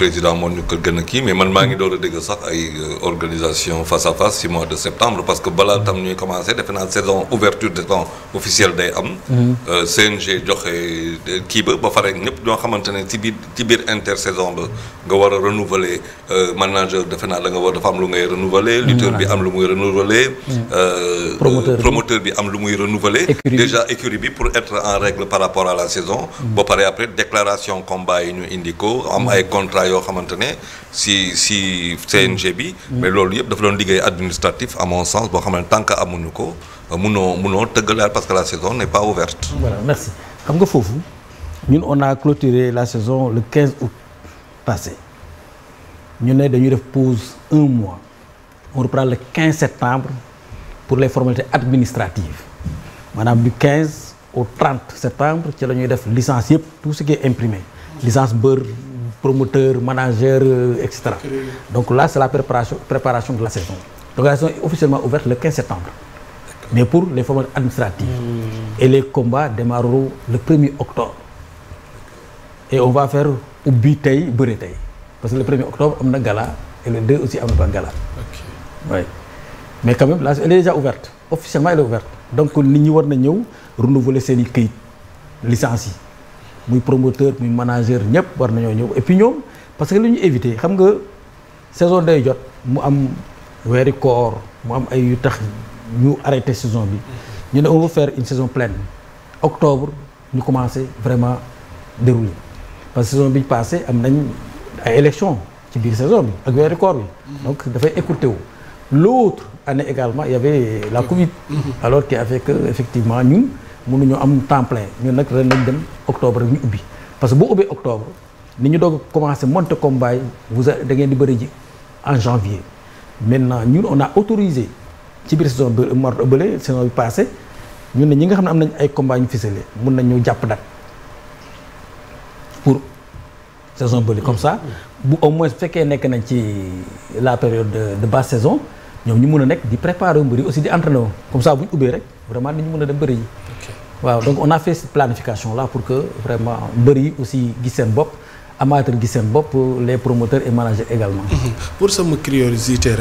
président moo ñu ko gën a kii mais man maa ngi door a dégg sax ay euh, organisation face à face ci mois de septembre parce que balaa tam ñuy commencé defe naa saison ouverture de temps officielle day am. Mhm. Euh, CNG joxe euh, kii ba ba pare ñëpp ñoo xamante intersaison ba nga war a renouveler manager defe naa nga war dafa lu ngay renouveler. Mm, lutteur bi am lu muy renouveler. Mm. promoteur bi am lu muy renouveler. déjà écurie pour être en règle par rapport la saison. Mm. yoo xamante ne si si CNG bi. mais loolu yëpp dafa doon liggéey administratif à mon sens boo xam ne tant que amuñu ko munoo munoo tëggalaat parce que la saison n'est pas ouverte. voilà xam nga foofu ñun on a clôturé la saison le 15 août passé ñu ne dañuy def pause un mois on reprend le 15 septembre pour les formalités administratives maanaam du 15 au 30 septembre ci la ñuy def licence yëpp tout ce qui est licence beurre. promoteur manager euh, et cetera donc là c'est la préparation préparation de la saison donc la saison est officiellement ouverte le septembre mais pour les formes administratives hmm. et les combats démarreront le 1er octobre et on va faire ubbi tey bëre tey parce que le 1 octobre am na gala et le aussi am na ba gala mais quand même là elle est déjà ouverte officiellement elle ouverte donc nit ñi war na ñëw renouveler seen i këyit licence yi muy promoteur muy manager ñëpp war nañoo ñëw et puis ñoom parce que li ñu éviter xam nga saison day jot mu am weeri koor mu am ay yu tax ñu arrêté saison bi mm-hmm. ñu ne on veut une saison pleine octobre ñu commencé vraiment dérouler parce que saison bi passé am nañ ay élection ci biir saison bi ak weeri koor bi mm-hmm. donc dafay écourté wu l'autre année également il y avait la mm-hmm. Covid alors qui a fait effectivement ñun mënuñu am temps ñun nag ren lañ dem octobre rek ñu ubbi parce que boo ubbee octobre ni ñu doog a commencé monter combat yi vous da ngeen di bëri ji en janvier maintenant ñun on a autorisé ci biir saison bi bële saison bi passé ñun ne ñi nga xam ne am nañ ay combat ñu ficelé mun nañ ñu jàpp date pour saison bële comme ça bu au moins fekkee nekk nañ ci la période de basse saison ñoom ñu mun a nekk di préparer mbir yi aussi di entraîner comme ça bu ñu ubbee rek vraiment ni ñu mun a dem bëri ji waaw donc on a fait cette planification là pour que vraiment mbër yi aussi gis seen bopp amateur gis seen bopp les promoteurs et managers également. Mhm. pour sama curiosité